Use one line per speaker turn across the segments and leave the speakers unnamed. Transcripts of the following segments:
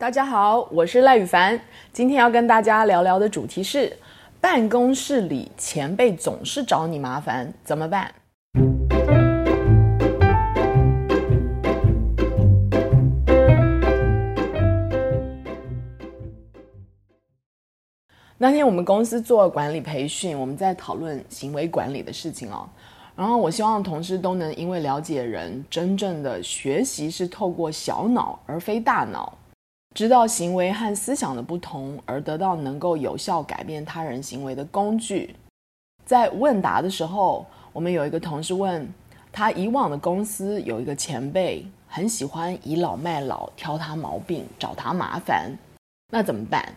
大家好，我是賴宇凡。今天要跟大家聊聊的主題是：辦公室裡前輩總是找你麻煩，怎麼辦？那天我們公司做管理培訓，我們在討論行為管理的事情哦。然後我希望同事都能因為了解人，真正的學習是透過小腦而非大腦。知道行為和思想的不同，而得到能夠有效改變他人行為的工具。在問答的時候，我們有一個同事問他，以往的公司有一個前輩很喜歡倚老賣老，挑他毛病，找他麻煩，那怎麼辦？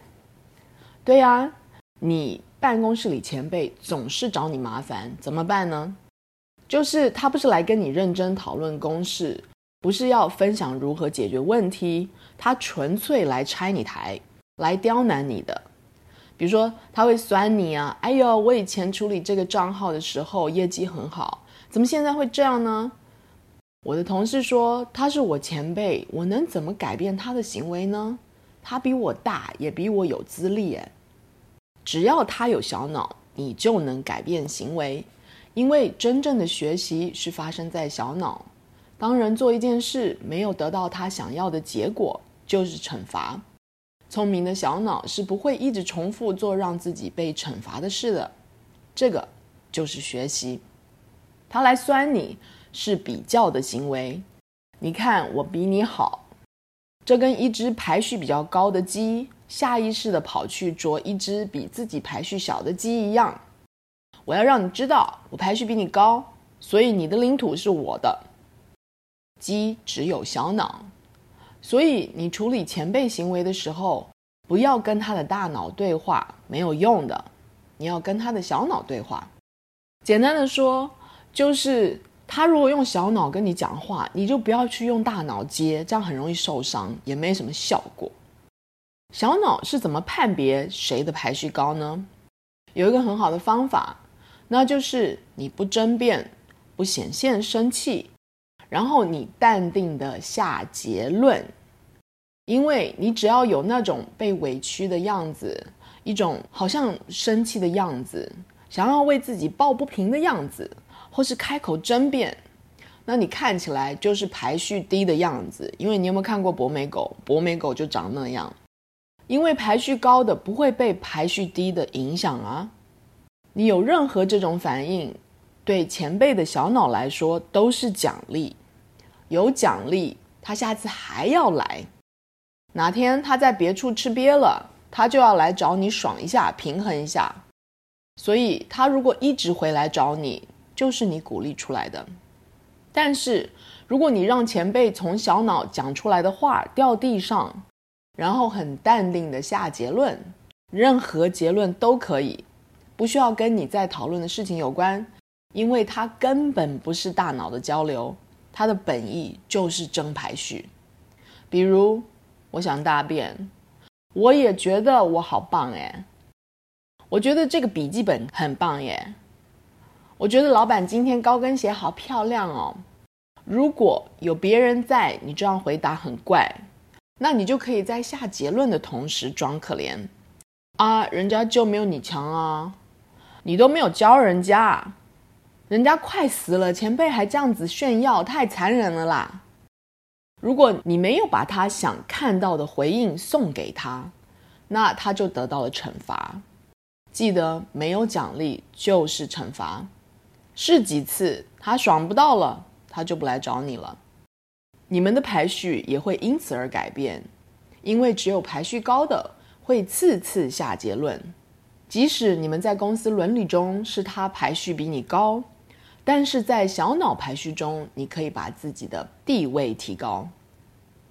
對呀，你辦公室裡前輩總是找你麻煩，怎麼辦呢？就是他不是來跟你認真討論公事。不是要分享如何解決問題，他純粹來拆你台，來刁難你的。比如說，他會酸你啊，哎呦，我以前處理這個賬號的時候業績很好，怎麼現在會這樣呢？我的同事說他是我前輩，我能怎麼改變他的行為呢？他比我大，也比我有資歷，哎，只要他有小腦，你就能改變行為，因為真正的學習是發生在小腦。當人做一件事沒有得到他想要的結果，就是懲罰。聰明的小腦是不會一直重複做讓自己被懲罰的事的，這個就是學習。他來酸你是比較的行為，你看我比你好，這跟一隻排序比較高的雞下意識的跑去啄一隻比自己排序小的雞一樣。我要讓你知道我排序比你高，所以你的領土是我的。雞只有小腦，所以你處理前輩行為的時候，不要跟他的大腦對話，沒有用的。你要跟他的小腦對話。簡單的說，就是他如果用小腦跟你講話，你就不要去用大腦接，這樣很容易受傷，也沒什麼效果。小腦是怎麼判別誰的排序高呢？有一個很好的方法，那就是你不爭辯，不顯現生氣。然後你淡定的下結論，因為你只要有那種被委屈的樣子，一種好像生氣的樣子，想要為自己抱不平的樣子，或是開口爭辯，那你看起來就是排序低的樣子。因為你有沒有看過博美狗？博美狗就長那樣，因為排序高的不會被排序低的影響啊。你有任何這種反應，對前輩的小腦來說都是獎勵。有獎勵，他下次還要來。哪天他在別處吃癟了，他就要來找你爽一下，平衡一下。所以，他如果一直回來找你，就是你鼓勵出來的。但是，如果你讓前輩從小腦講出來的話掉地上，然後很淡定的下結論，任何結論都可以，不需要跟你在討論的事情有關，因為他根本不是大腦的交流。它的本意就是爭排序，比如我想大便，我也覺得我好棒誒、欸、我覺得這個筆記本很棒耶、欸，我覺得老闆今天高跟鞋好漂亮哦。如果有別人在，你這樣回答很怪，那你就可以在下結論的同時裝可憐啊，人家就沒有你強啊，你都沒有教人家。人家快死了，前輩還這樣子炫耀，太殘忍了啦！如果你沒有把他想看到的回應送給他，那他就得到了懲罰。記得，沒有獎勵就是懲罰。試幾次他爽不到了，他就不來找你了。你們的排序也會因此而改變，因為只有排序高的會次次下結論。即使你們在公司倫理中是他排序比你高。但是在小腦排序中，你可以把自己的地位提高。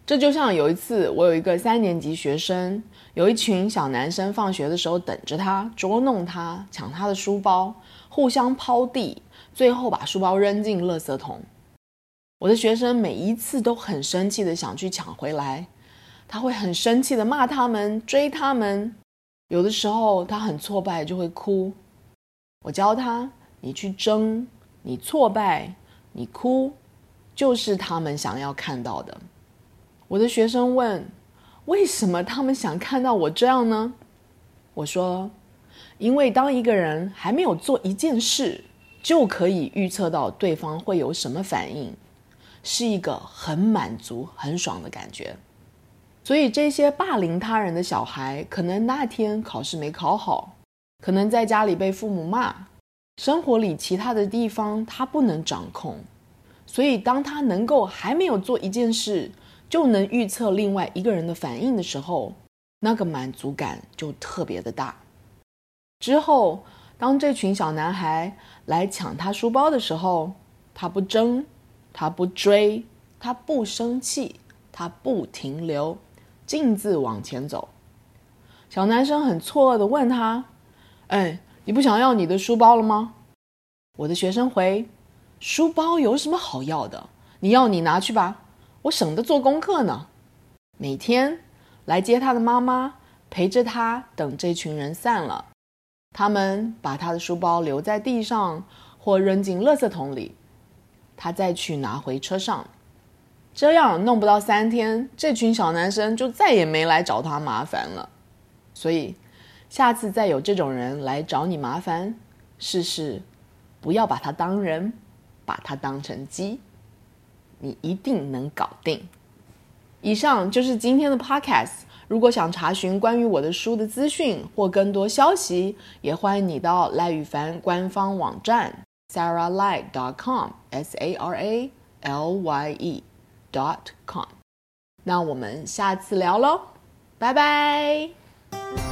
這就像有一次，我有一個三年級學生，有一群小男生放學的時候等着他，捉弄他，搶他的書包，互相拋地，最後把書包扔進垃圾桶。我的學生每一次都很生氣的想去搶回來，他會很生氣的罵他們，追他們。有的時候他很挫敗，就會哭。我教他，你去爭。你挫敗，你哭，就是他們想要看到的。我的學生問：“為什麼他們想看到我這樣呢？”我說：“因為當一個人還沒有做一件事，就可以預測到對方會有什麼反應，是一個很滿足、很爽的感覺。所以這些霸凌他人的小孩，可能那天考試沒考好，可能在家裡被父母罵。”生活裡其他的地方他不能掌控，所以當他能夠還沒有做一件事就能預測另外一個人的反應的時候，那個滿足感就特別的大。之後，當這群小男孩來搶他書包的時候，他不爭，他不追，他不生氣，他不停留，徑自往前走。小男生很錯愕地問他：“哎。”你不想要你的書包了嗎？我的學生回，書包有什麼好要的？你要你拿去吧，我省得做功課呢。每天來接他的媽媽陪着他等這群人散了，他們把他的書包留在地上或扔進垃圾桶裡，他再去拿回車上。這樣弄不到三天，這群小男生就再也沒來找他麻煩了。所以。下次再有這種人來找你麻煩，試試不要把他當人，把他當成雞，你一定能搞定。以上就是今天的 podcast。如果想查詢關於我的書的資訊或更多消息，也歡迎你到賴宇凡官方網站 saralye.com s, com, s a r a l y e dot com。那我們下次聊嘍，拜拜。